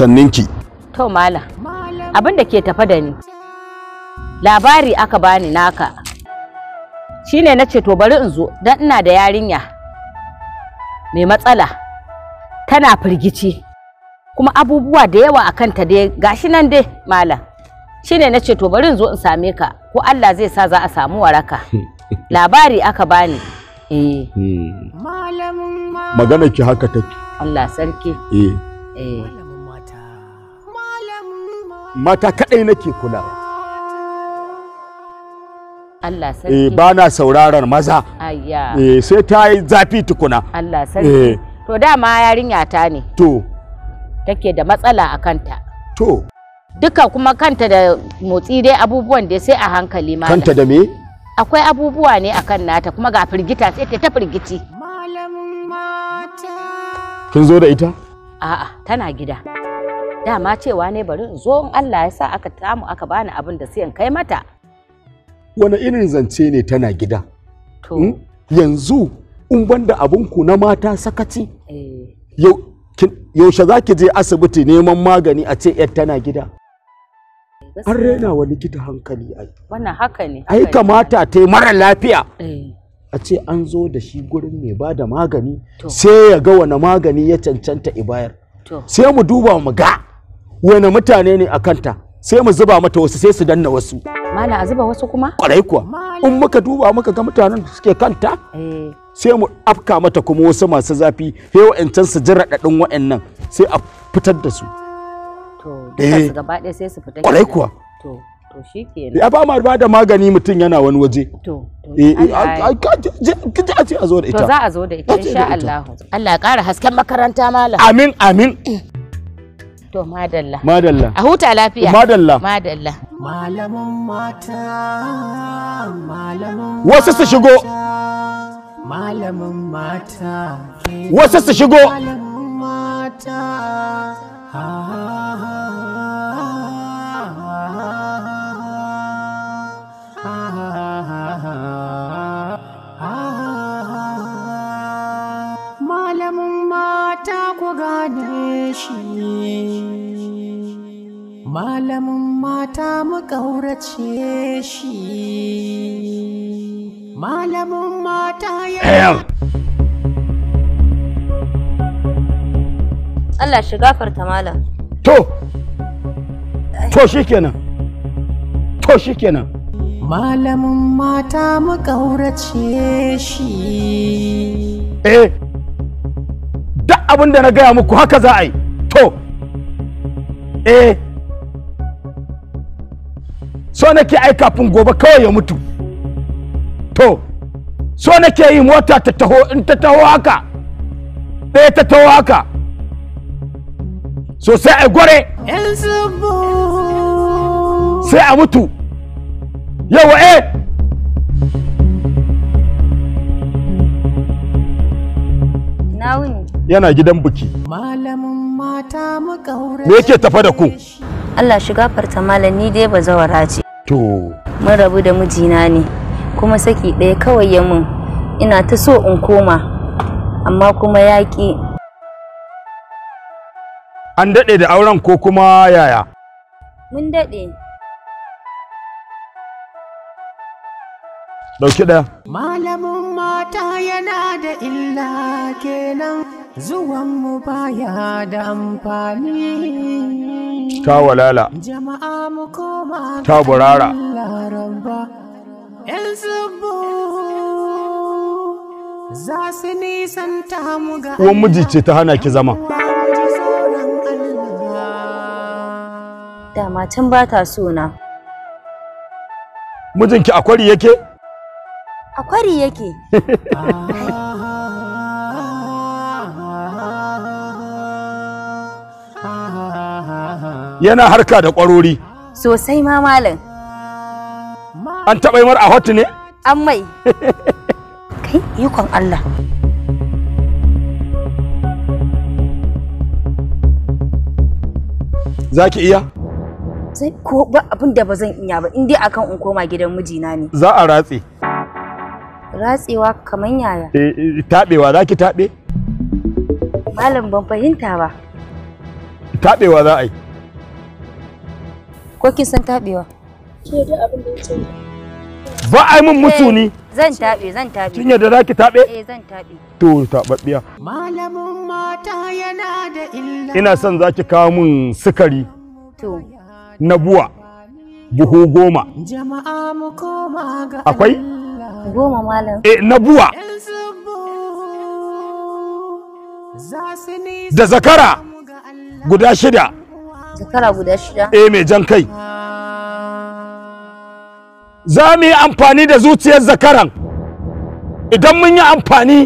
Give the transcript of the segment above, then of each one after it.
sanninki to malam abin da ke tafa da ni labari aka bani naka shine na ce to bari in zo dan ina da yarinya mai matsala tana firgici kuma abubuwa da yawa a kanta dai gashi nan dai malam shine na ce to bari in zo in same ka ko Allah zai sa za a samu waraka labari aka bani eh hmm. magana ki haka take Allah sarki eh eh mata kaɗai nake kulawa Allah sarki eh ba na sauraron maza ayya eh sai ta yi zafi tukuna Allah sarki eh. to dama yarinya ta ne to take da matsala a kanta to duka kuma kanta da motsi dai abubuwan dai sai a hankali ma kanta da me akwai abubuwa ne akan nata kuma ga firgita sai ta firgici kin zo da ita a'a tana gida dama cewa ne bari in zo in Allah ya sa aka tamu aka bani abin da sai in kai mata wani irin zance ne tana gida to hmm? yanzu in banda abun ku na mata sakaci eh. yaushe za ki je asibiti neman magani a ce yar tana gida an rena wa likita hankali ai wannan haka ne ai kamata ta mara lafiya eh. a ce an zo da shi gurin mai bada magani sai ya ga wani magani ya cancanta ibayar sai mu duba mu ga wani mutane ne a kanta sai mu zuba mata wasu sai su danna wasu mala a zuba wasu kuma kwarai kuwa in muka duba muka ga mutanen da suke kanta eh. sai mu afka mata kuma wasu masu zafi sai wa'ancan su ji raɗaɗin wa'annan sai a fitar da su to duka eh. gaba ɗaya sai su fita kwarai kuwa to to shikenan ya ba ma ba da magani mutum yana wani waje to eh, eh a ce a zo da ita to za a zo da ita insha Allah Allah ya ƙara hasken makaranta mala amin amin To madalla. Madalla. A huta lafiya. Madalla. Madalla. Malamin mata, malamin Wasu su shigo. Malamin mata. Wasu su shigo. Malamin mata. ha ha shi malamin mata mu ƙaurace shi malamin mata ya Allah shi gafarta malam to to shikenan to shikenan malamin mata mu ƙaurace shi eh duk abin da na gaya muku haka za a yi eh so nake ai kafin gobe kawai ya mutu to so nake yi mota ta taho in ta taho haka ɗaya ta taho haka so sai a gware sai a mutu yawa eh yana gidan buki. malamu me yake tafa da ku Allah shiga farta malam ni dai bazawara ce to mun rabu da mijina ne kuma saki ɗaya kawai ya mun ina ta so in koma amma kuma yaƙi an daɗe da auren ko kuma yaya mun daɗe ɗauki ɗaya malamin mata yana da illa kenan zuwanmu baya da amfani ta walala jama'a mu koma ta burara yan zubu za su nisan ta mu ga uwan miji ce ta hana ki zama Da can ba ta so na mijinki akwari yake akwari yake yana harka da ƙwarori. sosai ma malam an taɓa yi mar a hot ne an mai kai ikon allah za ki iya sai ko ba abin da ba zan iya ba in dai akan in koma gidan mijina ne za a ratse ratsewa kamar yaya eh, taɓewa za ki taɓe malam ban fahimta ba taɓewa za a yi ko kin san tabewa ke da abin da yake ba ai mun mutu ni zan tabe zan tabe kin yadda zaki tabe eh zan tabe eh, to tababbiya malamin mata yana da illa ina son zaki kawo mun sukari to nabuwa buhu goma jama'a mu koma ga akwai goma malam eh nabuwa da zakara guda shida Shekara guda shida? Eh mai jan kai. Za mu yi amfani da zuciyar zakaran. Idan mun yi amfani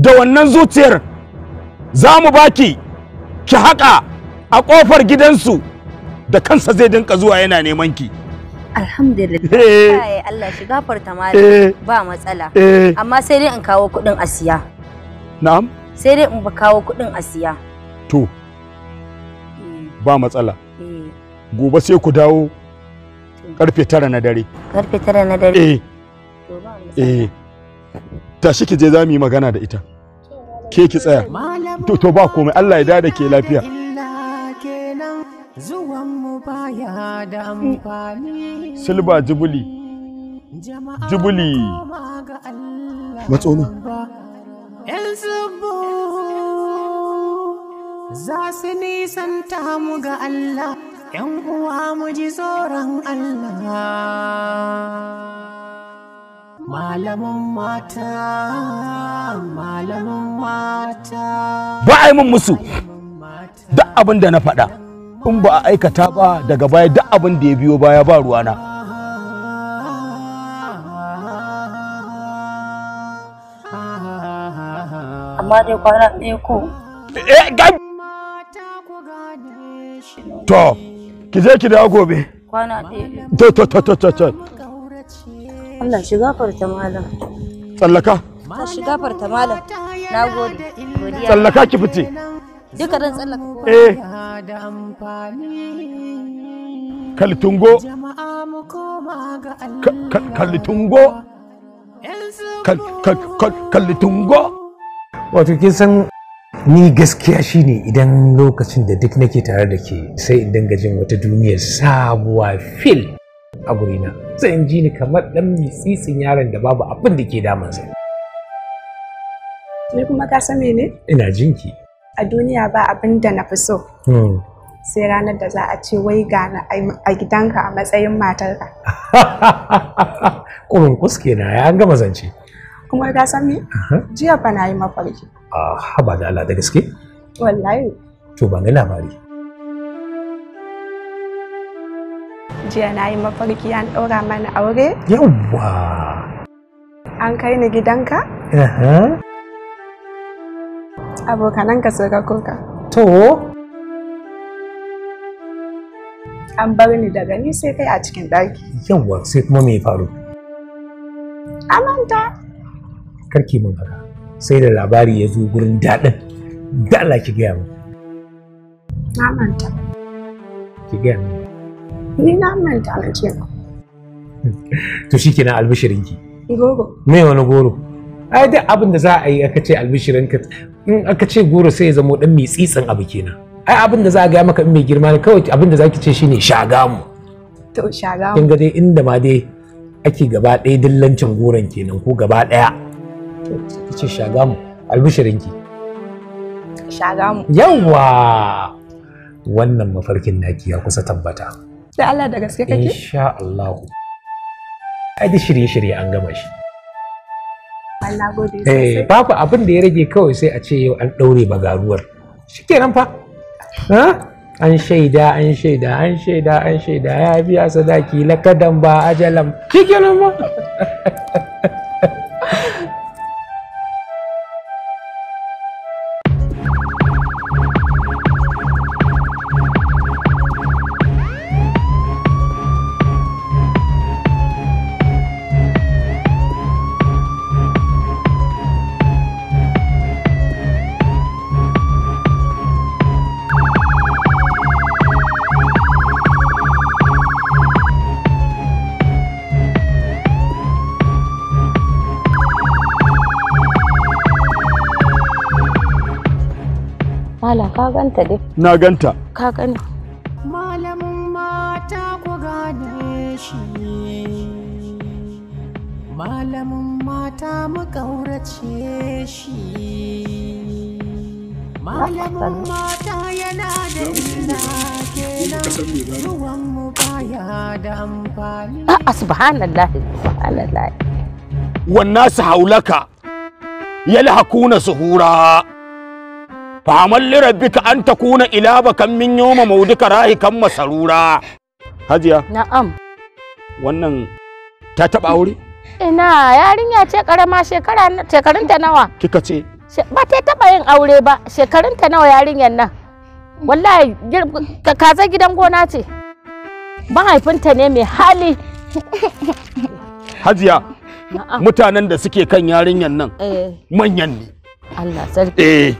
da wannan zuciyar za mu baki ki haƙa a ƙofar gidansu da kansa zai dinka zuwa yana neman ki. Alhamdulillah. Eh. Allah shi gafarta mali eh. ba matsala. Eh. Amma sai dai in kawo kuɗin asiya. Na'am? Sai dai in kawo kuɗin asiya. To. ba matsala eh. gobe sai ku dawo karfe tara na dare karfe tara na dare eh eh tashi ki je za mu yi magana da ita ke ki tsaya to to ba komai Allah ya dada ke lafiya silba Jibuli. Jibuli. matsona za su nisanta mu ga Allah, ‘yan uwa mu ji tsoron Allah. Malamin mata, malamin mata. Ba a yi mun musu duk abin da na faɗa, in ba a aikata ba daga baya duk abin da ya biyo baya ba ruwana. Amma dai kwana ɗaya ko? Eh, to ki je ki dawo gobe kwana ɗaya to to to to to Allah shi gafarta malam tsallaka ta shi gafarta malam na gode tsallaka ki fice duka dan tsallaka eh kaltungo kalitungo kaltungo wato kin san ni gaskiya shine idan lokacin da duk nake tare da ke sai in dinga jin wata duniyar sabuwa fil a gurina sai in ji ni kamar dan mitsitsin yaron da babu abin da ke damansa ni kuma ka san ne? ina jinki a duniya ba abin da na fi so hmm. sai ranar da za a ce wai gana a gidanka a matsayin matarka kurin kuske na ya gama zance kuma ka san me jiya fa na yi mafarki a ah, haba da Allah da gaske wallahi to ba ni labari jiya na yi mafarki an ɗora mana aure yawwa an kai ni gidanka abokananka sun rakoka to an bar ni daga ni sai kai a cikin ɗaki. Yawwa sai kuma me faru? Amanta. Karki mun haka. sai da labari ya zo gurin daɗin da Allah ki gaya mu na manta ki gaya mu ni na manta alake to shi kenan ki goro me wani goro ai dai abin da za a yi aka ce ka, in aka ce goro sai ya zama dan mai tsitsin abu kenan ai abin da za a gaya maka in mai girma ne kawai abin da zaki ce shine mu to shagamu kin ga dai inda ma dai ake gaba ɗaya dillancin goron kenan ko gaba ɗaya ce shagamu albishirinki shagamu yawa wannan mafarkin naki ya kusa tabbata da Allah da gaske kake insha Allah ai da shirye-shirye an gama shi Allah gode eh babu abin da ya rage kawai sai a ce yau an daure bagaruwar shikenan fa ha an shaida an shaida an shaida an shaida ya biya sadaki lakadan ba ajalan shikenan ba Ka ganta dai. Na ganta. Ka gani. Malamin mata ku gane shi. Malamin mata mu ƙaurace shi. Malamin mata yana da ina kenan ruwan mu baya da amfani. A'a subhanallah subhanallah. Wannan su haulaka yalhakuna suhura. fa amal li rabbika an kuna ilaba kan min yawma maudika rahikan masarura hajiya na'am wannan ta taɓa aure ina yarinya ce ƙarama? shekara shekarunta nawa kika ce ba ta taɓa yin aure ba shekarunta nawa yarinyar nan wallahi kaza gidan gona ce mahaifinta ne mai hali hajiya mutanen da suke kan yarinyar nan eh. manyan ne Allah sarki eh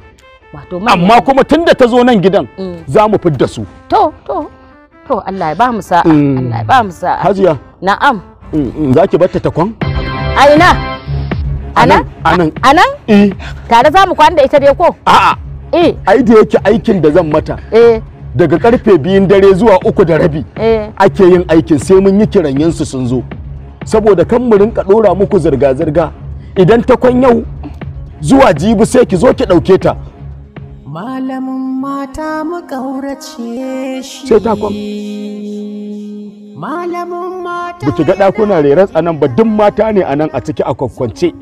amma kuma tun da ta zo nan gidan mm. za mu fidda su to to to Allah ya ba mu sa'a mm. Allah ya ba mu sa'a hajiya na'am mm, za ki batta ta kwan a ina anan anan anan e. tare za mu kwana da ita dai ko a'a eh ai da yake aikin da zan mata eh daga karfe biyun dare zuwa uku da rabi e. ake yin aikin sai mun yi kiran su sun zo saboda kan mu rinka dora muku zirga-zirga idan ta kwan yau zuwa jibi sai ki zo ki ɗauke ta malamin mata makaurace shi sai ta kwam malamin mata biki ga kuna reran tsanan ba duk mata ne anan a ciki a kwakwance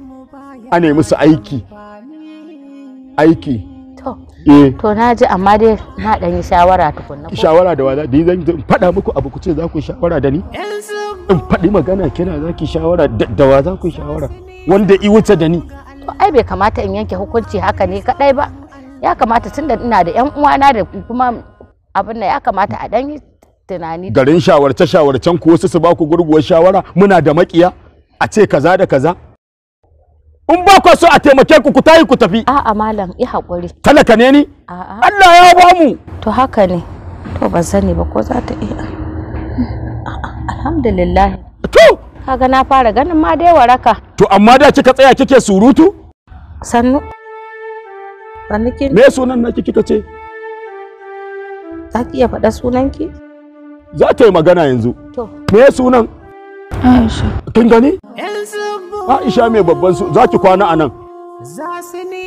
a ne musu aiki aiki to eh to na ji amma dai na dan yi shawara tukunna shawara da waza dai zan faɗa muku abu ku ce za ku shawara da ni in faɗi magana kina za ki shawara da wa za ku shawara wanda i wuce da ni to ai bai kamata in yanke hukunci haka ne kadai ba ya kamata da ina da yan uwana da kuma abin da ya kamata a dan tunani garin shawarce shawarcen ku wasu su ba ku gurguwar shawara muna da makiya a ce kaza da kaza in ba ku so a taimake ku ku tayi ku tafi a'a malam yi hakuri talaka ne ni a'a Allah ya ba mu to haka ne to ban sani ba ko za ta iya alhamdulillah to kaga na fara ganin ma dai waraka to amma da kika tsaya kike surutu sannu Me sunan naki kika ce? Za ki iya faɗa sunanki? Za ta yi magana yanzu. To. Me sunan? Aisha. Kin gani? Aisha mai babban su za ki kwana a nan.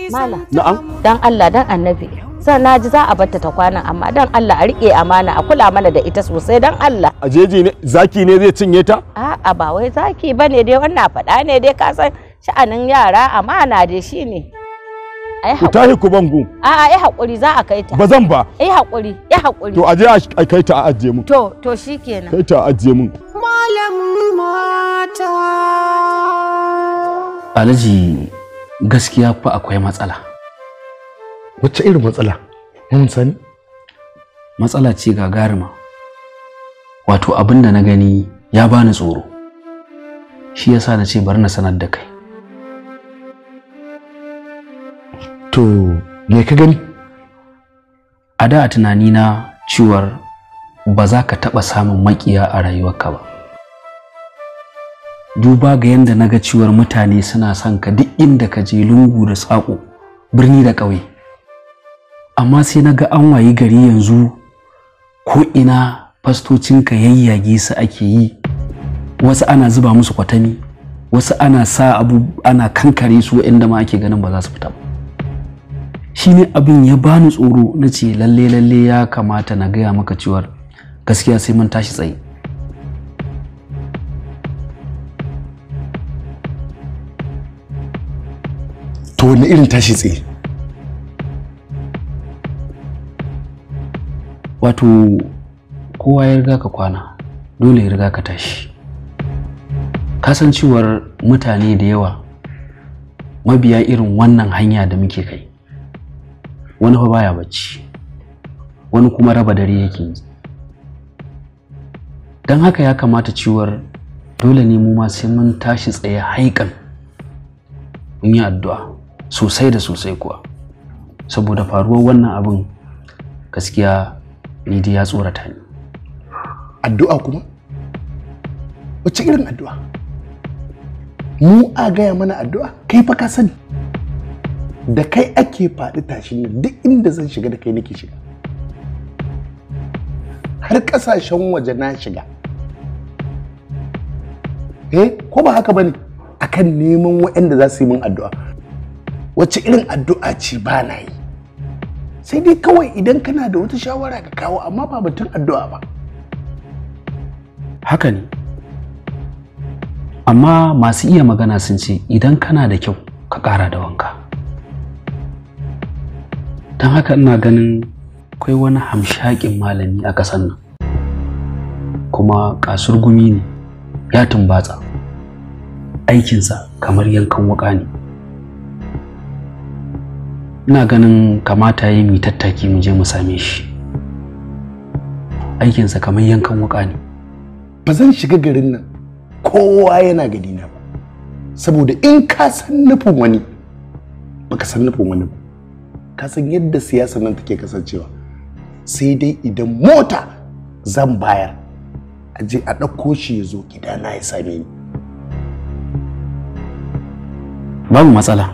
Mala. Na'am. Dan Allah dan Annabi. sai na ji za a batta ta kwana amma dan Allah a riƙe amana a kula mana da ita sosai dan Allah. A ne zaki ne zai cinye ta? A'a ba wai zaki bane dai wannan faɗa ne dai ka san sha'anin yara amana dai shine. ku tahi ku bangu a'a ai hakuri za a kai ta ba zan ba ai hakuri ai hakuri to aje a kai ta a ajiye mu to to shikenan kai ta a ajiye mu malam mata Alhaji gaskiya fa akwai matsala wacce irin matsala mun sani matsala ce gagarima wato abinda na gani ya bani tsoro shi yasa na ce bari na sanar da kai to me ka gani a da a tunani na cewar ba za ka taɓa samun makiya a rayuwarka ba duba ga yadda na ga ciwar mutane suna son ka duk inda ka je lungu da saƙo birni da ƙauye amma sai na ga an wayi gari yanzu ko ina fastocinka yayyage su ake yi wasu ana zuba musu kwatami wasu ana sa abu ana kankare su waɗanda ma ake ganin ba za su fita ba shine abin ya bani tsoro na ce lalle lalle ya kamata na gaya maka cewar gaskiya sai mun tashi tsaye to wani irin tashi tsaye wato kowa ya riga ka kwana dole ya riga ka tashi kasancewar mutane da yawa mabiya irin wannan hanya da muke kai wani fa baya bacci wani kuma raba dare yake yi don haka ya kamata ciwar dole ne mu ma sai mun tashi tsaye haikan mun yi addu'a sosai da sosai kuwa saboda faruwar wannan abin gaskiya ni dai ya tsorata ni addu'a kuma wacce irin addu'a mu a gaya mana addu'a kai fa ka sani da kai ake faɗi tashi ne duk inda zan shiga da kai nake shiga har ƙasashen waje na shiga eh ko ba haka bane akan neman waɗanda za su yi min addu'a wacce irin addu'a ce ba na yi sai dai kawai idan kana da wata shawara ka kawo amma ba batun addu'a ba haka ne amma masu iya magana sun ce idan kana da kyau ka ƙara da wanka don haka ina ganin akwai wani hamshakin malami a ƙasar nan kuma kasur gumi ne ya tumbatsa aikinsa kamar yankan wuka ne ina ganin kamata yi mu tattaki mu je mu same shi aikinsa kamar yankan wuka ne ba zan shiga garin nan kowa yana gani na ba saboda in ka san nufin wani baka san nufin wani ba ka san yadda siyasa nan take kasancewa sai dai idan mota zan bayar a je a ɗauko shi ya zo gidana ya same ni babu matsala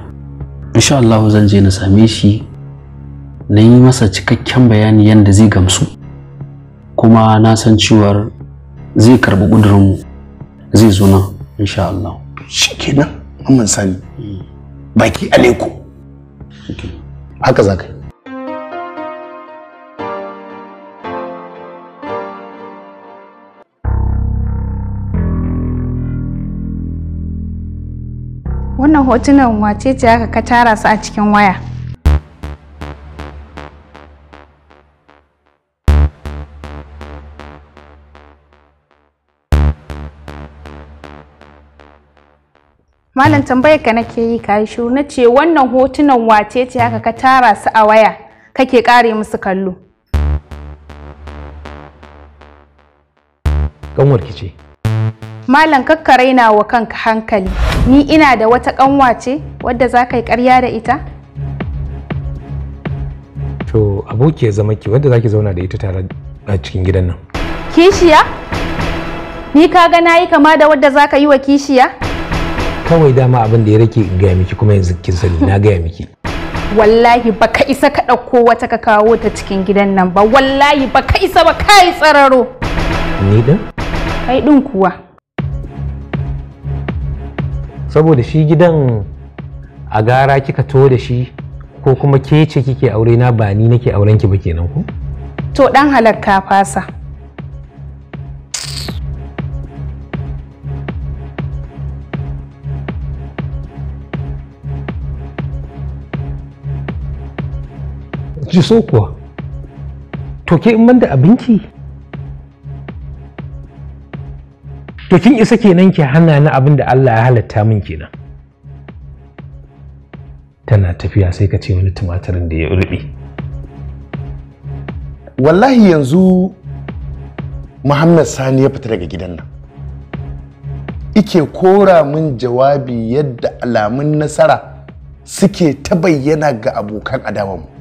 insha Allah zan je na same shi na yi masa cikakken bayani yadda zai gamsu kuma na san cewar zai karɓi ƙudurinmu zai zo nan insha Allah shi kenan mun sani baki aleku. okay. haka za yi wannan hotunan wace ce aka ka tara su a cikin waya malam tambayar ka nake yi ka shu na ce wannan hotunan wace ce haka ka tara su a waya kake kare musu kallo kanwar ce malam kakka raina wa kanka hankali ni ina da wata kanwa ce wadda za ka yi karya da ita to aboki ya zama ki wadda za ki zauna da ita tare a cikin gidan nan kishiya ni ka ga na yi kama da wadda za ka yi wa kishiya kawai dama abin da ya rake in gaya miki kuma yanzu kin sani na gaya miki wallahi baka isa ka ɗauko wata ka kawo ta cikin gidan nan ba wallahi baka isa ba kai tsararo ni din kai din kuwa saboda shi gidan a gara kika to da shi ko kuma ke ce kike aure na ba ni nake auren ki ba kenan ko to dan halakka fasa ji kuwa to ke in banda abinci to kin isa kenan ki hana ni abin da Allah ya halatta min kenan tana tafiya sai ka ce wani tumatirin da ya ruɓe wallahi yanzu muhammad sani ya fita daga gidan nan ike kora min jawabi yadda alamun nasara suke ta bayyana ga abokan adawanmu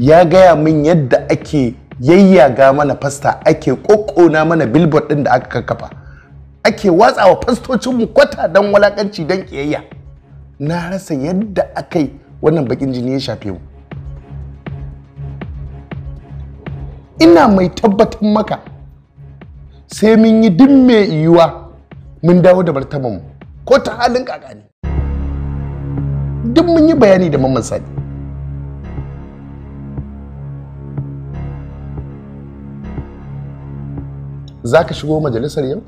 ya gaya min yadda ake yayyaga mana fasta ake kokona mana billboard ɗin da aka kakkafa ake watsawa fastocinmu kwata don walakanci don kiyayya na rasa yadda akai wannan bakin jini ya shafe mu ina mai tabbatar maka sai mun yi duk mai yiwuwa mun dawo da mu ko ta halin kakani duk mun yi bayani da mamman sani za ka shigo majalisar yau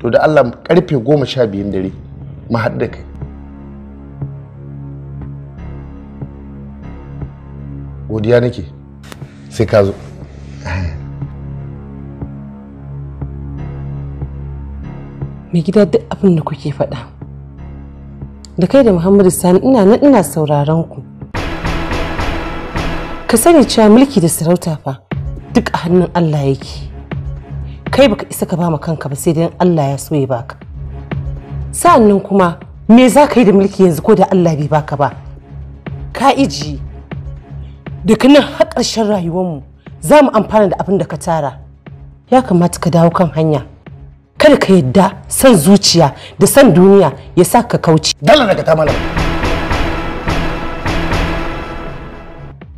to da allah karfe goma sha biyun dare mu haɗu da kai godiya nake sai ka zo mai gida duk abin da kuke faɗa da kai da muhammadu sani ina nan ina sauraron ku ka sani cewa mulki da sarauta fa duk a hannun Allah yake kai baka isa ka bama kanka ba sai dan Allah ya so ya baka sa'annan kuma me za ka yi da mulki yanzu ko da Allah bai baka ba ka iji daga nan har ƙarshen rayuwarmu za mu amfana da abin da ka tara ya kamata ka dawo kan hanya kada ka yadda san zuciya da san duniya ya sa ka kauce dala daga ta mana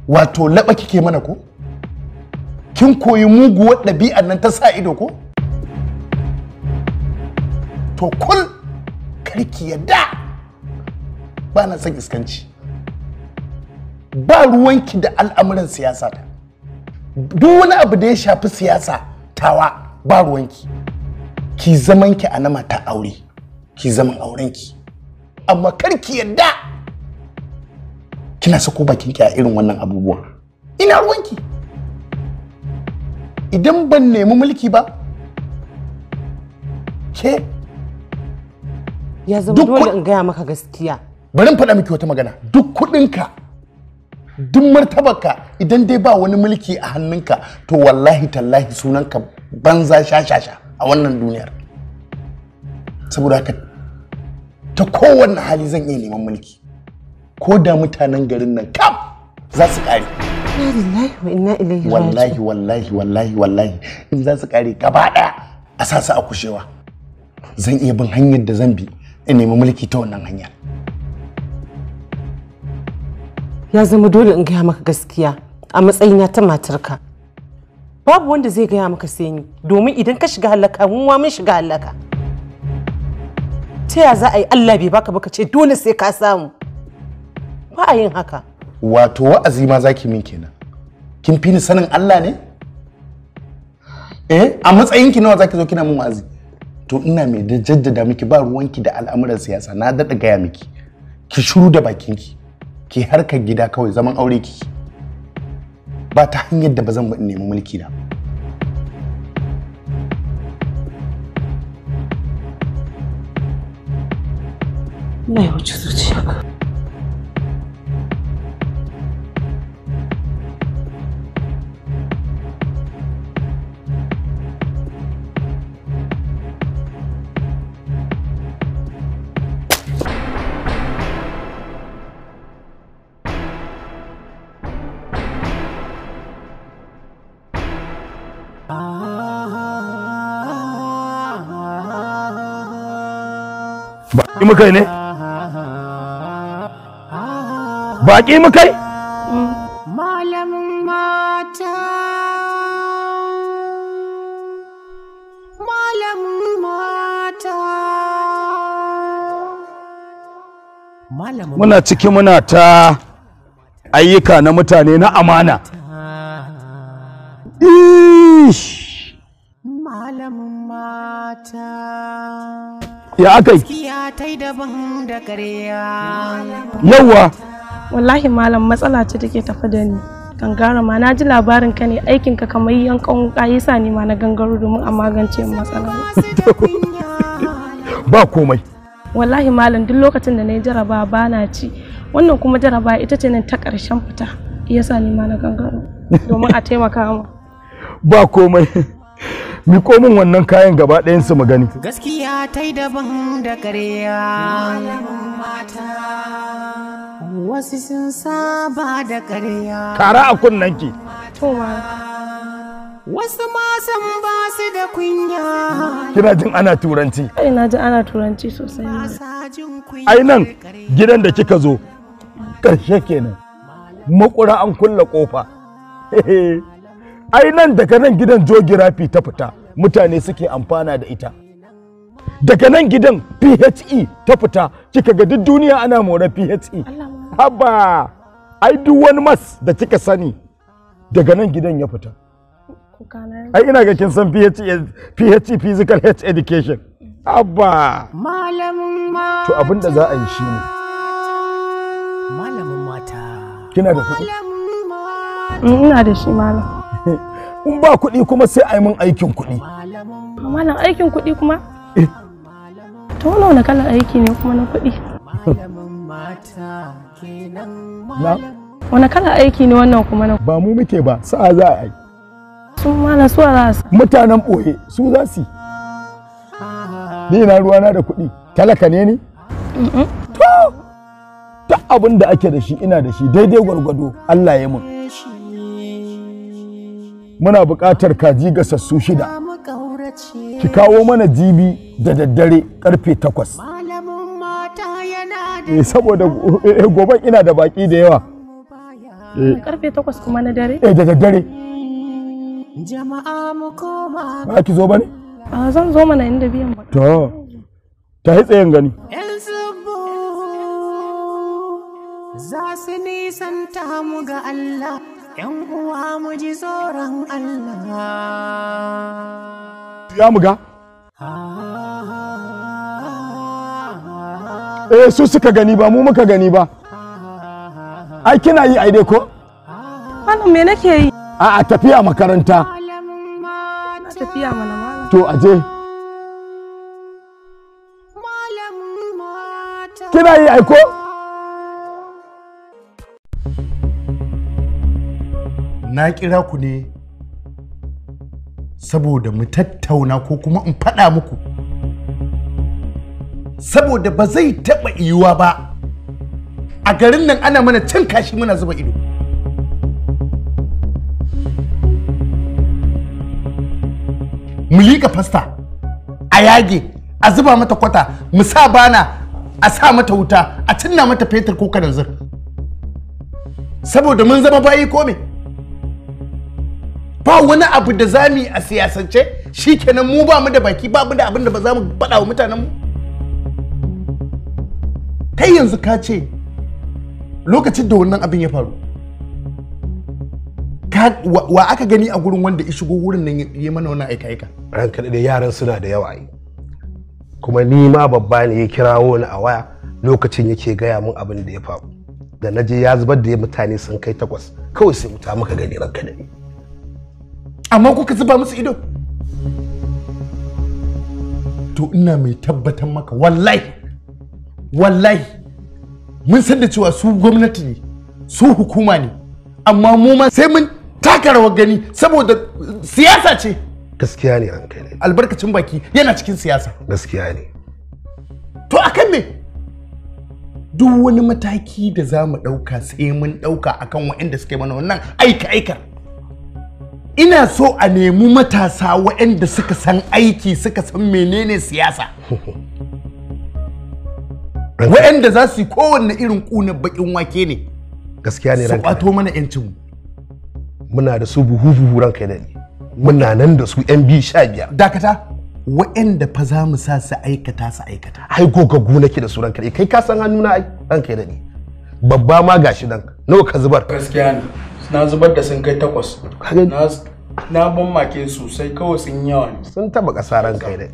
wato laɓa kike mana ko kin koyi muguwar ɗabi'ar nan ta sa ido ko to kul karki yadda ba na son iskanci ba ruwanki da al'amuran siyasa ta duk wani abu da ya shafi siyasa tawa ba ruwanki ki zamanki a namata mata aure ki zaman aurenki amma karki yadda kina sako bakinki a irin wannan abubuwa ina ruwanki idan ban nemi mulki ba ke ya zama dole in gaya maka gaskiya bari faɗa miki wata magana duk kuɗinka duk martabarka idan dai ba wani mulki a hannunka to wallahi tallahi sunanka banza shashasha a wannan duniyar saboda haka ta kowane hali zan iya neman mulki ko da mutanen garin nan kam za su ƙare wallahi wallahi wallahi wallahi in za su kare gaba daya a sa a kushewa zan iya bin hanyar da zan bi in nemi mulki ta wannan hanyar. ya zama dole in gaya maka gaskiya a matsayina ta matarka babu wanda zai gaya maka sai ni domin idan ka shiga halaka mun wa mun shiga halaka ta ya za a yi Allah bai baka baka ce dole sai ka samu ba a yin haka wato wa'azi ma zaki min kenan kin fi ni sanin Allah ne eh a matsayinki nawa za ki zo kina min wa'azi to ina mai da jaddada miki ba ruwanki da al'amuran siyasa na daɗa gaya miki ki shiru da bakin ki ki harkar gida kawai zaman aure ki ba ta hanyar da ba zan nemi mulki na Ne wuce mukai ne baƙi mukai? yi mata mata muna ciki muna ta ayyuka na mutane na amana ya aka yi ta daban da ƙarya. Yawwa! Wallahi malam matsala ce take tafi da ni. Gangara ma na ji labarin ka ne aikin ka kamar yankan wuka yasa ne ma na gangaro domin a magance matsala. Ba komai. Wallahi malam duk lokacin da na yi jaraba ba na ci. Wannan kuma jaraba ita ce nan ta ƙarshen fita. Yasa ne ma na gangaro domin a taimaka ma. Ba komai. mi komin wannan kayan gaba ɗayan su magani gaskiya ta yi daban da mata wasu sun saba da karya. kara a kunnen ki wasu ma san ba su da kunya kina jin ana turanci ai na ji ana turanci sosai ai nan gidan da kika zo ƙarshe kenan makura an kulla kofa ai nan daga nan gidan geography ta fita mutane suke amfana da ita daga nan gidan phe ta fita kika ga duk duniya ana more phe haba ai duk wani mas da kika sani daga nan gidan ya fita ai ina ga kin san phe e physical health education haba malamin ma to abin da za a yi shine malamin mata kina da kuɗi ina da shi malam in ba kuɗi kuma sai a yi min aikin kuɗi malam aikin kuɗi kuma ta wani wani kalar aiki ne kuma na kuɗi wani kalar aiki ne wannan kuma na ba mu muke ba sa'a za a yi sun mana su su. mutanen ɓoye su za su ni na ruwana da kuɗi talaka ne ni to duk abin da ake da shi ina da shi daidai gwargwado Allah ya mun muna buƙatar kaji gasassu shida ki kawo mana jibi da daddare karfe takwas eh, saboda eh, eh, gobe ina da baƙi da yawa karfe takwas kuma na dare? eh da daddare jama'a mu koma ba ki zo bane? a zan zo mana inda biyan ba to ta yi tsayin gani za su nisan ta mu ga Allah 'yan uwa mu ji tsoron Allah. Ya muga? Eh su suka gani ba mu muka gani ba. Ai kina yi ai dai ko? Malam me nake yi? A'a tafiya makaranta. Na tafiya mana To aje. Kina yi aiko? ko? na kira ku ne saboda mu tattauna ko kuma in faɗa muku saboda ba zai taɓa yiwuwa ba a garin nan ana mana cin kashi muna zuba ido mu liƙa fasta a yage a zuba mata kwata mu sa bana a sa mata wuta a cinna mata fetur ko kananzir saboda mun zama bayi ko me ba wani abu da za mu yi a siyasance shikenan mu ba mu da baki ba mu da abin da ba za mu faɗa wa mutanenmu Kai yanzu ka ce lokacin da wannan abin ya faru wa aka gani a gurin wanda ya shigo wurin nan ya mana wannan aika-aika ranka da yaran suna da yawa yi kuma ni ma babba ne ya kirawo ni a waya lokacin yake gaya mun abin da ya faru da na je ya zubar da mutane sun kai takwas kawai sai wuta muka gani ranka da ni amma kuka zuba musu ido to ina mai tabbatar maka wallahi wallahi mun san da cewa su gwamnati ne su hukuma ne amma mu ma sai mun taka rawar gani saboda siyasa ce gaskiya ne an kai albarkacin baki yana cikin siyasa gaskiya ne to akan me duk wani mataki da za mu ɗauka sai mun ɗauka akan waɗanda suke mana wannan aika aikar ina so a nemi matasa waɗanda suka san aiki suka san menene siyasa waɗanda za su yi kowanne irin ƙunar baƙin wake ne gaskiya ne ranka su mana yancin muna da su buhu buhu ranka ne muna nan da su yan biyu sha biyar dakata waɗanda fa za mu sa su aikata su aikata ai gogaggu nake da su ranka kai ka san hannuna ai ranka ne babba ma gashi nan nawa ka zubar gaskiya ne na zubar da sun kai takwas na ban make sosai kawai sun yawa ne sun taba kasaran ran kai dai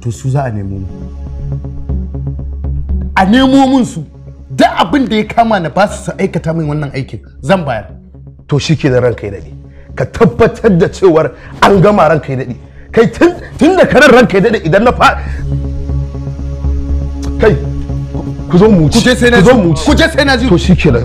to su za a nemo mu a nemo mun su da abin da ya kama na ba su aikata min wannan aikin zan bayar to shi ke da ran kai daɗi ka tabbatar da cewar an gama ran kai daɗi kai tun da karar ran kai daɗi idan na fa kai ku zo mu ku zo mu ci ku je sai na ji to shi ke da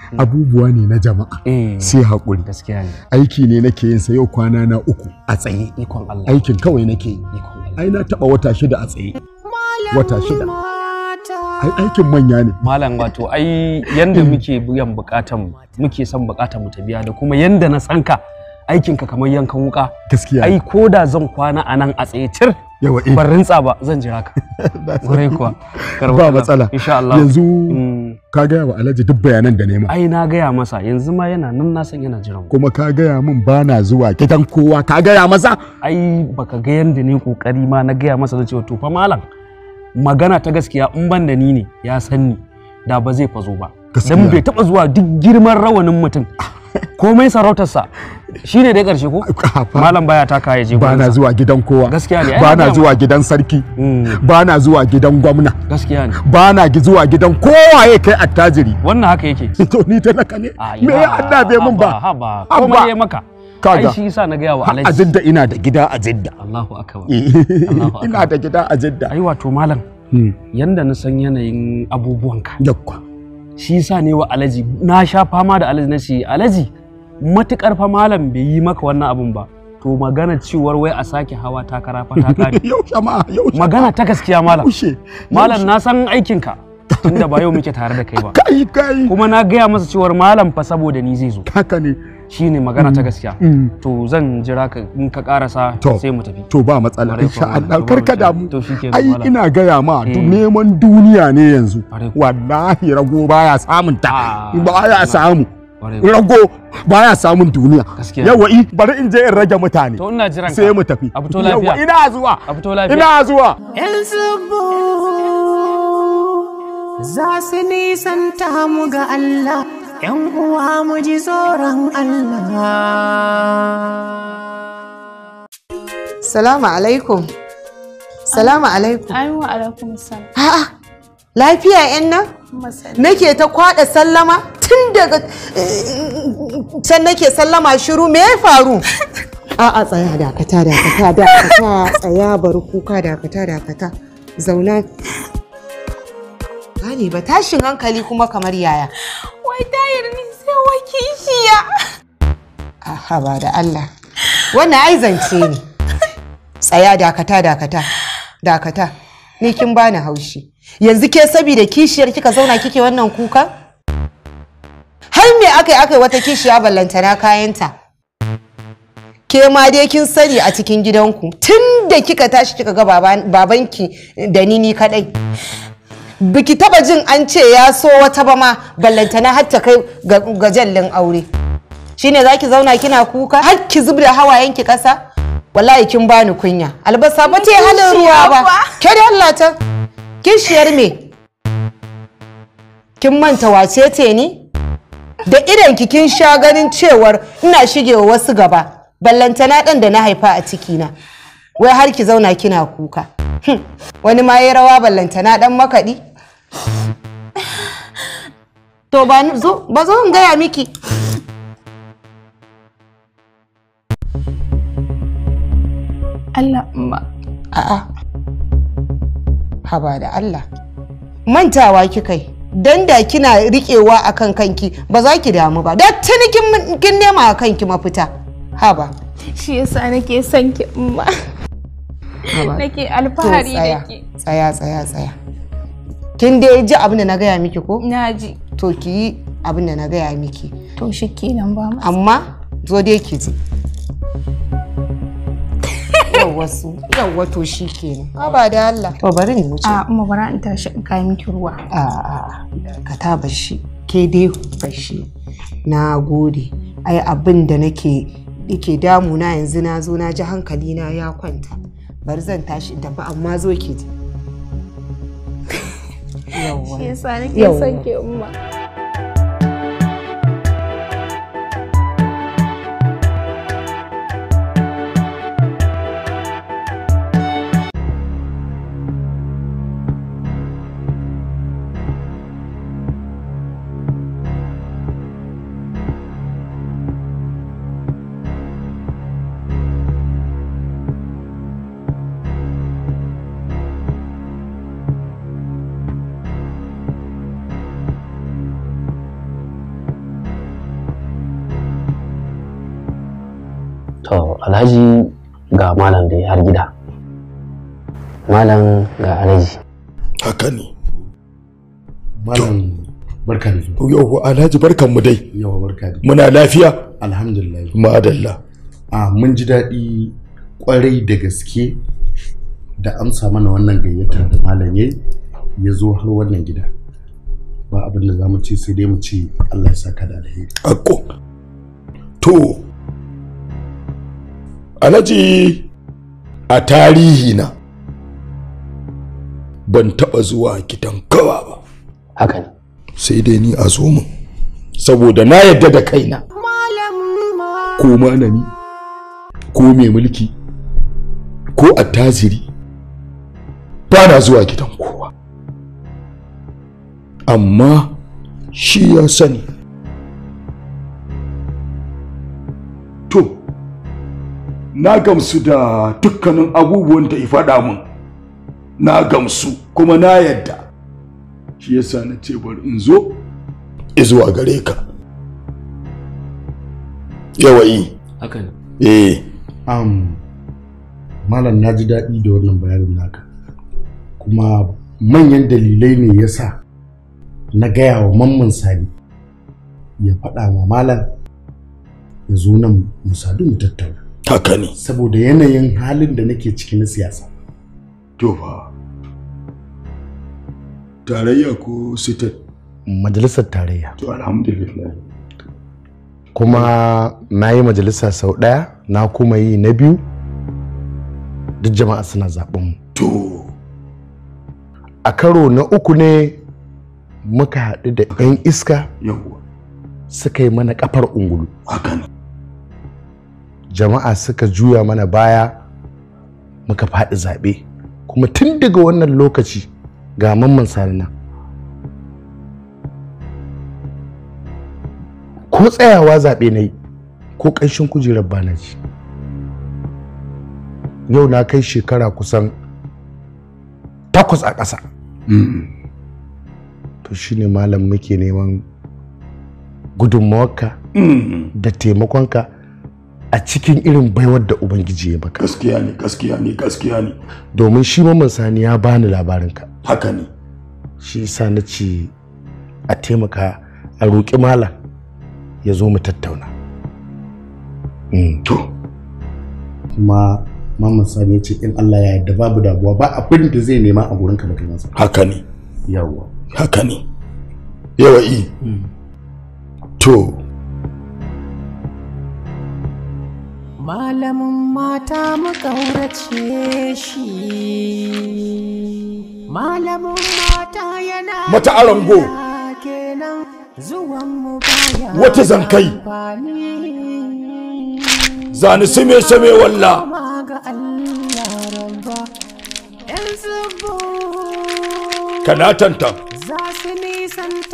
Mm. abubuwa ne na jama'a eh. sai haƙuri aiki ne nake yin sa yau kwana na uku a tsaye aikin kawai nake yi ai na taɓa wata shida a tsaye wata shida ai aikin manya ne malam wato ai yanda muke biyan bukatan muke son bukatan mu ta biya da kuma yanda na sanka ka kamar yankan wuka gaskiya ai ko da zan kwana a nan a tsaye cir yawa eh. ban rintsa ba zan jira ka kuwa ba matsala yanzu mm. ka gaya wa alhaji duk bayanan da nema ai na gaya masa yanzu ma yana nan na san yana jiran kuma ka gaya min ba na zuwa gidan kowa ka gaya masa ai baka ga yanda ni kokari ma na gaya masa na cewa to fa malam magana ta gaskiya in ban da ni ne ya san da ba zai fazo ba dan bai taba zuwa duk girman rawanin mutum komai sarautarsa shi ne dai ƙarshe ko malam baya ta kaya je ba na zuwa gidan kowa gaskiya ne ba na zuwa gidan sarki hmm. ba na zuwa gidan gwamna gaskiya ne ba na zuwa gidan kowa ya kai attajiri wannan haka yake to ni naka ne ah, me ya addabe min ba ba komai ya maka kaga ai shi yasa na gaya wa Alhaji a Jidda ina da gida a Jidda Allahu akbar eh, ina da gida a Jidda ai wato malam hmm. yanda na san yanayin abubuwanka dakwa shi sa ne wa alaji na sha fama da alaji na ce alaji matukar fa malam bai yi maka wannan abun ba to magana cewar wai a sake hawa takara fa ta kare magana ta gaskiya malam malam na san aikin ka tunda ba yau muke tare da kai ba kai kai kuma na gaya masa cewar malam fa saboda ni zai zo haka ne shine magana ta mm. gaskiya mm. to zan jira ka in ka karasa sai mu tafi to ba matsala insha Allah ka damu ai ina gaya ma mm. neman duniya ne yanzu wallahi rago baya samun ta ah, baya samu rago baya samun duniya yawa i bari in je in rage mutane to ina jiran sai mu tafi yawa ina zuwa ina zuwa za su nisanta mu ga Allah ‘yan uwa mu ji tsoron Allah. Salamu alaikum. Salamu alaikum. Aiwa alaikum salam. lafiya ‘yan nan? Nake ta kwaɗa sallama tun daga can nake sallama shiru me ya faru? A'a tsaya dakata dakata dakata tsaya bari kuka dakata dakata zauna. Gane ba tashin hankali kuma kamar yaya. ai tayar ni sai Allah wannan ai zance ne tsaya dakata dakata ni kin bani haushi yanzu ke saboda kishiyar kika zauna kike wannan kuka har me aka wata kishiya ballantana kayanta ke ma dai kin sani a cikin gidanku tun da kika tashi kika ga babanki da ni ni kadai biki taba jin an ce ya so wata ba ma ballantana har ta kai ga jallin aure shine zaki zauna kina kuka har ki zub hawayen ki kasa wallahi kin bani kunya albasa ba ta halin ruwa ba ke da Allah kishiyar me kin manta wace ce ni da idan ki kin sha ganin cewar ina shigewa wasu gaba ballantana dan da na haifa a ciki na wai har ki zauna kina kuka hm. wani ma ya rawa ballantana dan makaɗi To ba zo, ba zo gaya miki. Allah ma a'a. Haba da Allah. Mantawa ki kai, Dan da kina riƙewa a kan kanki ba za ki damu ba. Da tuni kin nema a kanki mafita. Haba. Shi yasa nake son ki umma. Nake alfahari da ke. Tsaya tsaya tsaya. kin dai ji abin da na gaya miki ko na ji to ki yi abin da na gaya miki to shi kenan ba amma zo dai ki ji wasu yawwa to shi kenan ba da Allah to bari ni wuce a umma bara in tashi in kai miki ruwa a a ka ta bashi ke dai bashi na gode ai abin da nake yake damuna yanzu na zo na ji hankali na ya kwanta bari zan tashi in tafi amma zo ki ji Shi yasa nake son umma. to alhaji ga malam dai har gida malam ga alhaji haka ne malam barka da zuwa yau alhaji barkan mu dai Yau barka da muna lafiya alhamdulillah madalla a mun ji daɗi kwarai da gaske da amsa mana wannan gayyata da malam ya zo har wannan gida ba abin da za mu ce sai dai mu ce Allah ya saka da alheri. Akko. To alhaji a tarihi na ban taɓa zuwa gidan kawa ba haka ne sai dai ni a zo mu saboda na yadda da kaina ko malami ko mai mulki ko attaziri ba na zuwa gidan kowa amma shi ya sani na gamsu da dukkanin abubuwan da faɗa min na gamsu kuma na yadda shi yasa na ce bari in zo zuwa gare ka yawa'i hakan eh um, malam na ji daɗi da wannan bayanin naka kuma manyan dalilai ne yasa na gaya wa mamman sani ya faɗa wa malam ya zo nan mu sadu mu tattauna haka ne saboda yanayin halin da nake ciki na siyasa to fa tarayya ko sitat majalisar tarayya to alhamdulillah kuma na yi majalisa sau ɗaya na kuma yi na biyu duk jama'a suna zaɓen mu to a karo na uku ne muka haɗu da 'yan iska suka yi mana ƙafar ungulu haka jama'a suka juya mana baya muka faɗi zaɓe kuma tun daga wannan lokaci ga mamman salina ko tsayawa zaɓe na yi ko ƙanshin kujerar banaji yau na kai shekara kusan takwas a ƙasa mm-hmm. to shine malam muke neman gudunmawarka mm-hmm. da taimakonka a cikin irin baiwar da ubangiji ya baka gaskiya ne gaskiya ne gaskiya ne domin shi mamman sani ya bani labarinka haka ne shi sa na ce a taimaka a roƙi mala ya zo mu tattauna mm. to kuma mamman sani ya ce in Allah ya yarda babu damuwa ba abin da zai nema a gurinka ka kai haka ne yawa haka ne yawa to malamin mata makaurace shi malamin mata yana mata arango kenan zuwan mu wata zankai zani sime sime walla kanatanta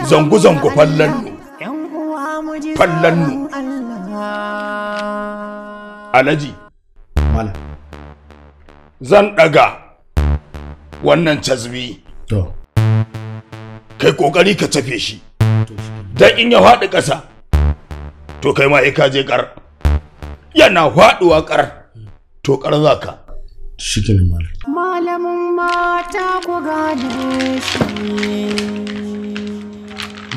zangu zangu fallan fallan alaji malam zan daga wannan cazbi to kai kokari ka tafe shi dan in ya faɗi ƙasa to kai ma ka je kar yana faɗuwa kar to kar za ka shi ke malamin mata ku gadi shi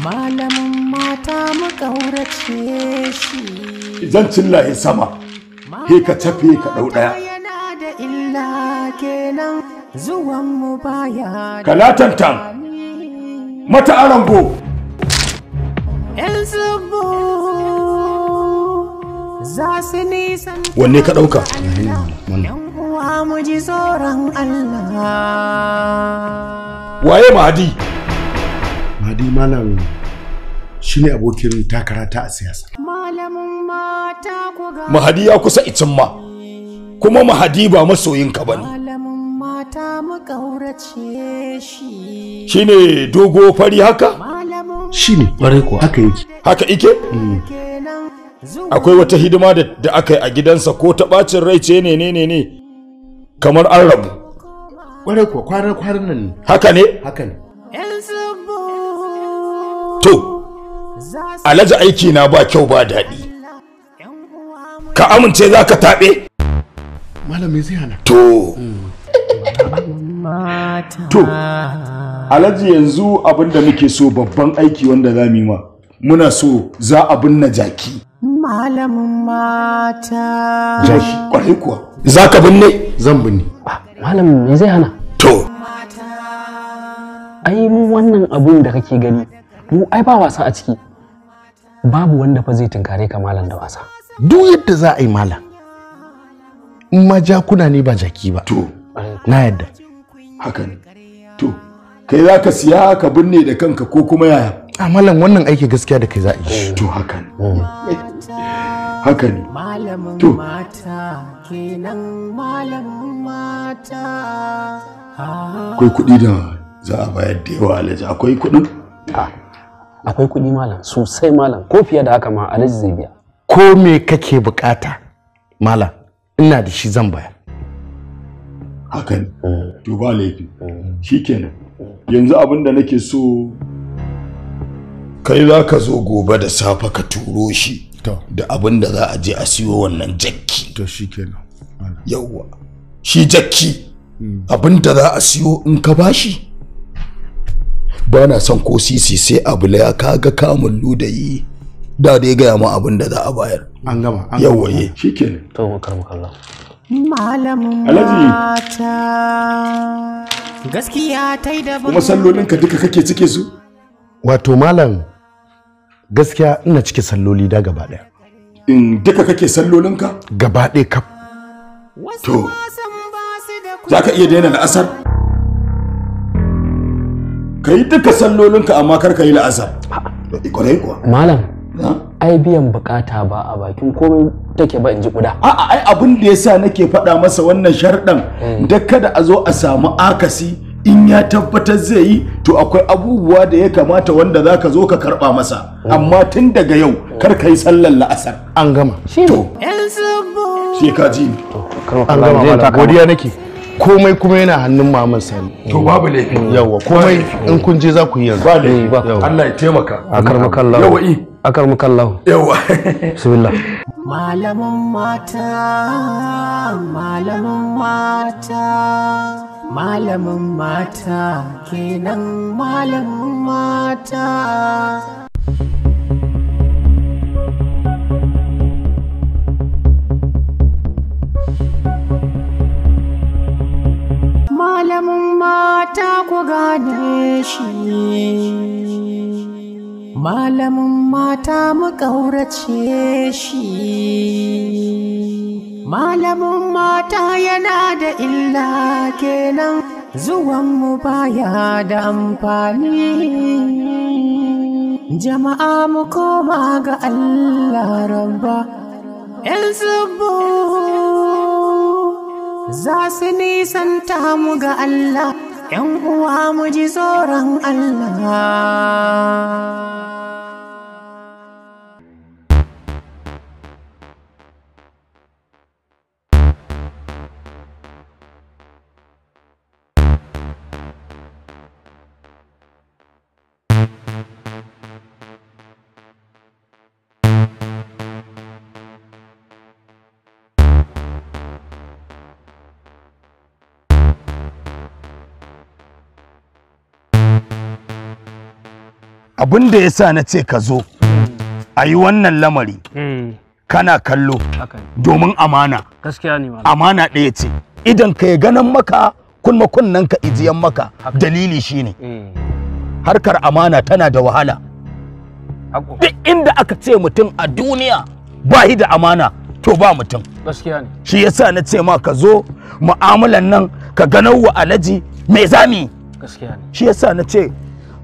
malamin mata mu ƙaurace shi zan cillaye sama he ka tafe ka ɗau ɗaya ka latanta mata arango wanne ka ɗauka waye mahadi mahadi malam ne abokin takara ta a siyasa mahadi ya kusa icin ma kuma mahadi ba masoyinka ba ne shi ne dogo fari haka shi ne ƙwarai kuwa haka yake haka ike hmm. akwai wata hidima da aka yi a gidansa ko ta ɓacin rai ce ne ne ne kamar an rabu ƙwarai kuwa kwanan nan haka ne haka ne to alhaji aiki na ba kyau ba daɗi ka amince za ka taɓe malam zai hana to to alhaji yanzu abin da muke so babban aiki wanda za mu ma muna so za a binne jaki malamin mata jaki kwarai kuwa za ka binne zan binne ah, malamin me zai hana to ai mu wannan abun da kake gani mu ai ba wasa a ciki babu wanda fa zai tunkare ka malam da wasa duk yadda za a yi malam in ma jakuna ne ba jaki ba to na yadda haka ne to kai za ka siya ka binne da kanka ko kuma yaya a malam wannan aiki gaskiya da kai za a yi to haka ne haka ne to akwai kuɗi da za a bayar da yawa alhaji akwai kuɗin akwai kuɗi malam sosai malam ko fiye da haka ma alhaji zai biya ko me kake bukata malam ina da shi zan bayar hakan mm. to ba laifi mm. shikenan yanzu abin da nake so kai za ka zo gobe da safe ka turo shi da abin da za a je a siyo wannan jakki to shikenan yawwa shi jakki mm. abin da za a siyo in ka bashi ba na son ko sisi sai abu la kaga kamun ludayi da dai gaya mu abin da za a bayar an gama an gama yawaye eh. shikenan to makar makalla malamin mata gaskiya ta yi daban kuma sallolinka duka kake cike su wato malam gaskiya ina cike salloli da gaba daya in duka kake sallolinka gaba daya kaf to za ka iya daina asar kai duka sallolinka amma kar ka yi la'asar kwarai kuwa malam ai biyan bukata ba a bakin komai take ba in ji kuda a'a ai abin da yasa nake faɗa masa wannan sharɗan eh. da kada a zo a samu akasi in ya tabbatar zai yi to akwai abubuwa da ya kamata wanda za ka zo ka karɓa masa eh. amma tun daga yau kar ka yi sallar la'asar an gama shi ne sai ka ji an gama godiya nake komai kuma yana hannun maman sani to babu laifi yawa komai in kun je za ku yi yanzu ba laifi ba Allah ya taimaka akarmakallahu yawa i akarmakallahu yawa bismillah malamin mata malamin mata malamin mata kenan malamin mata malamin mata ku gane shi malamin mata mu ƙaurace shi malamin mata yana da illa kenan zuwan mu baya da amfani jama'a mu koma ga allah rabba 'yan za su nisanta mu ga Allah, ‘yan uwa mu ji tsoron Allah. abin da ya sa na ce ka zo a yi wannan lamari hmm. kana kallo domin amana amana ɗaya ce idan ka yi ganan maka kunma kunnan ka ijiyan maka dalili shine hmm. harkar amana tana da wahala duk inda aka ce mutum a duniya ba da amana to ba mutum shi ya sa na ce ma ka zo mu'amalan nan ka ganar wa alaji mai zami shi ya sa na ce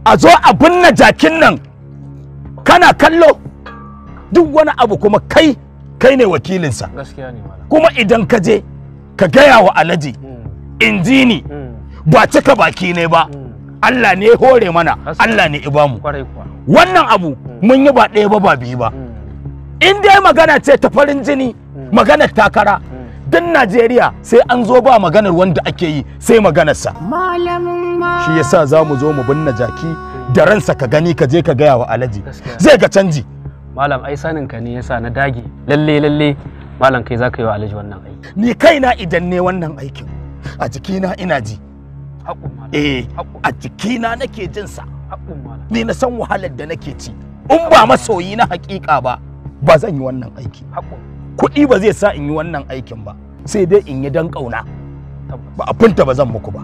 a zo a binne jakin nan kana kallo duk wani abu kuma kai kai ne wakilinsa kuma idan ka je ka gaya wa alaji hmm. injini hmm. ba cika baki ne ba hmm. Allah ne hore mana Allah ne ibamu wannan abu mun yi ba ɗaya ba ba biyu ba in dai magana ce ta farin jini maganar takara duk Najeriya sai an zo ba maganar wanda ake yi sai maganarsa. Malamin shi yasa za mu zo mu binne jaki da ransa ka gani ka je ka gaya wa alaji zai ga canji malam ai sanin ka ne yasa na dage lalle lalle malam kai za ka yi wa alaji wannan aiki ni kaina idan ne wannan aikin a jikina ina ji eh a jikina nake jin sa ni na san wahalar da nake ci in ba masoyi na hakika ba ba zan yi wannan aiki kuɗi ba zai sa in yi wannan aikin ba sai dai in yi dan kauna ba a funta ba zan muku ba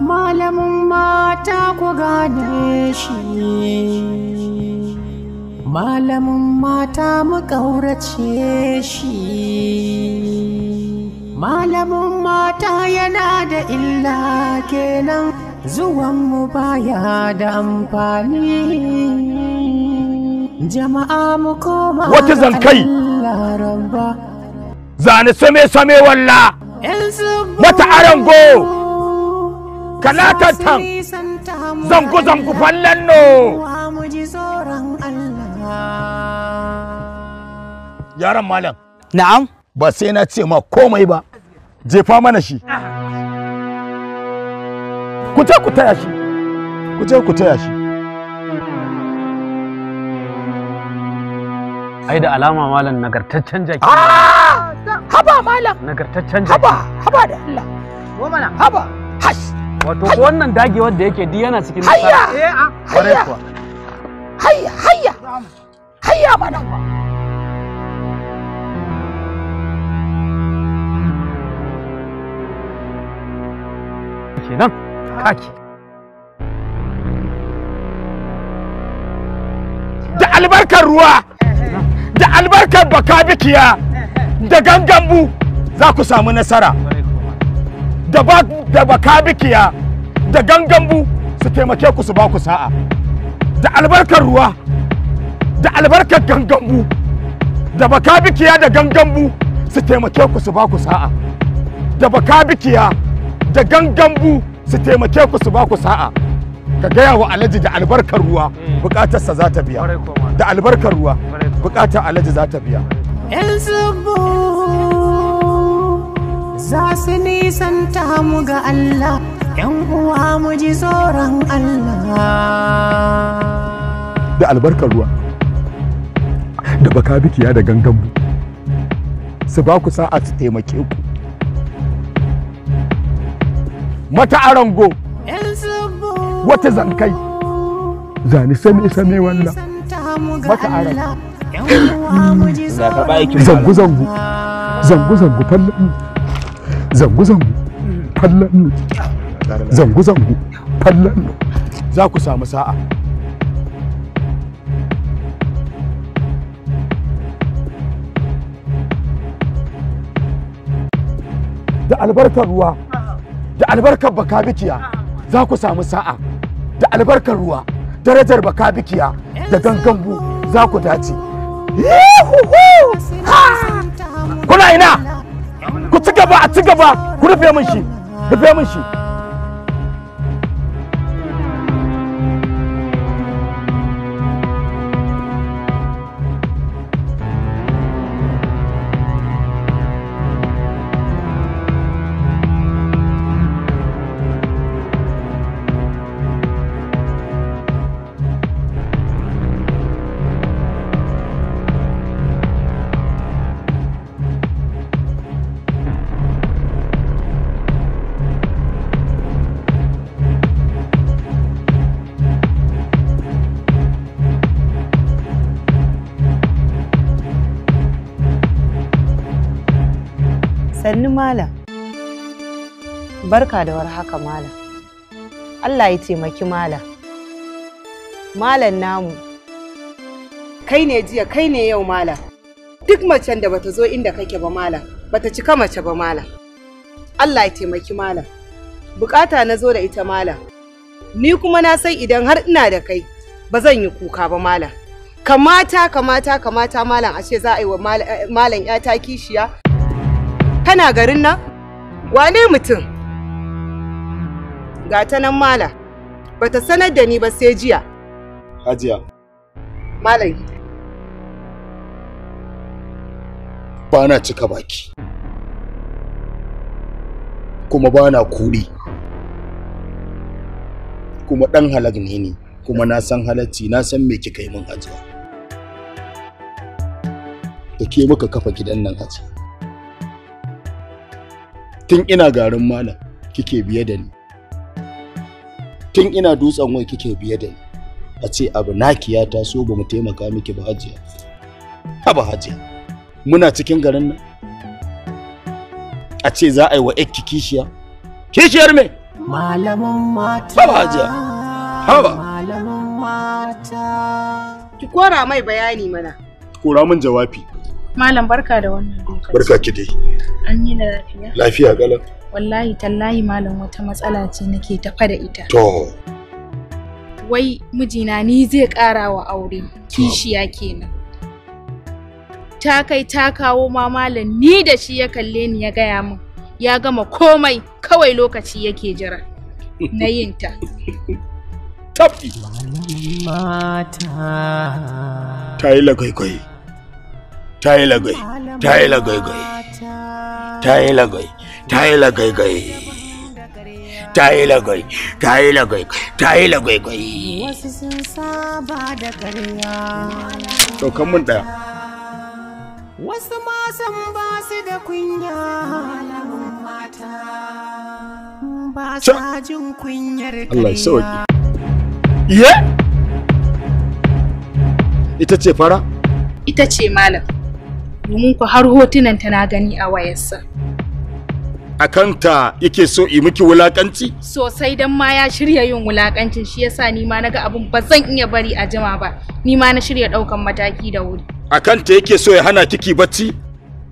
malamin mata ku gane shi malamin mata mu ƙaurace shi malamin mata yana da illa kenan zuwanmu baya da amfani jama'a mu koma wata zalkai zane same-same walla mata arango kalatattan zanku zanku fallan no yaran malam na'am ba sai na ce ma komai ba jefa mana shi ku je ku taya shi ku je ku taya shi ai da alama malam nagartaccen jaki ah! haba malam nagartaccen jaki haba haba da Allah haba hash wato ko wannan dagewar da yake di yana cikin nasara hayya eh, ah, hayya hayya hayya hayya ba kenan kaki da albarkar ruwa da albarkar bakabikiya da gangambu za ku samu nasara da ba baka bikiya da gangambu su taimake ku su ba ku sa'a da albarkar ruwa da albarkar gangambu da baka bikiya da gangambu su taimake ku su ba ku sa'a da baka bikiya da gangambu su taimake ku su ba ku sa'a ka gaya wa alhaji da albarkar ruwa hmm. bukatarsa za ta biya da albarkar ruwa bukatar alhaji za ta biya 'yan za su nisanta mu ga Allah ‘yan uwa mu ji tsoron Allah. Da albarkar ruwa, da baka bikiya da gangan su ba ku sa'a su taimake ku. Mata arango, wata zankai, zani sami sami wannan, mata arango. Zangu-zangu, zangu-zangu fallon. zangu-zangu fallannu zangu-zangu fallannu za ku samu sa'a da albarkar ruwa da albarkar baka bikiya, za ku samu sa'a da albarkar ruwa darajar baka bikiya da gangan za ku dace kuna ina gaba a ci gaba ku rufe min shi rufe min shi sannu malam barka da war haka malam allah ya taimaki malam malam namu kai ne jiya kai ne yau malam duk macen da bata zo inda kake ba malam bata cika mace ba malam allah ya taimaki malam bukata na zo da ita malam ni kuma na san idan har ina da kai ba zan yi kuka ba malam kamata kamata kamata malam a ce za a yi wa eh, malam yata kishiya Kana garin nan? Wane mutum? Ga ta nan mala. Bata sanar da ni ba sai jiya. Hajiya. Malam. Ba na cika baki. Kuma ba na kuri. Kuma ɗan halag ne ni. Kuma na san halacci na san me kika yi min ajiya. Da ke muka kafa gidan nan hajiya. tun ina garin malam kike biye da ni tun ina dutsen wai kike biye da ni a ce abu naki ya taso ba mu taimaka miki ba hajiya ba hajiya muna cikin garin nan a ce za a yi wa ki kishiya kishiyar me malamin mata ba hajiya ba malamin mata ki kora mai bayani mana kora min jawabi Malam barka da wannan lokaci. Barka ki dai. An yi lafiya. Lafiya galan. Wallahi tallahi malam wata matsala ce nake tafa da ita. To. Wai mijina ni zai ƙara wa aure kishiya kenan. Ta kai ta kawo ma malam ni da shi ya kalle ni ya gaya min. Ya gama komai kawai lokaci yake jira na yin ta. Tafi. Mata. Ta yi lagwai ta yi lagai ta yi gai ta yi lagai ta yi gai ta yi lagai ta yi lagai ta yi gai wasu sun saba da ƙarya to kan mun daya wasu ma san ba su da kunya mata ba sa jin kunyar Allah ya sauki ye ita ce fara ita ce malam domin ku har hotunan ta na gani a wayarsa. A kanta yake so yi miki wulakanci? Sosai don ma ya shirya yin wulakancin shi yasa ni ma ga abun ba zan iya bari a jima ba, ni ma na shirya ɗaukan mataki da wuri. A kanta yake so ya hana kiki bacci?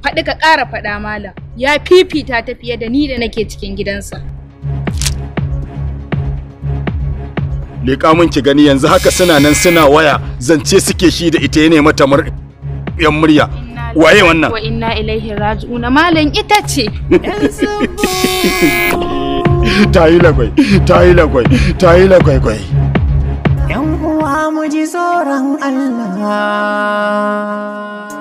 Faɗi ka ƙara faɗa malam, ya fifita ta fiye da ni da nake cikin gidansa. Leƙa mun ki gani yanzu haka suna nan suna waya zance suke shi da ita ya mata yan murya waye wannan wa inna ilaihi raji'una malam ita ce ta yi lagwai ta yi lagwai ta yi lagwai gwai yan uwa mu ji tsoron Allah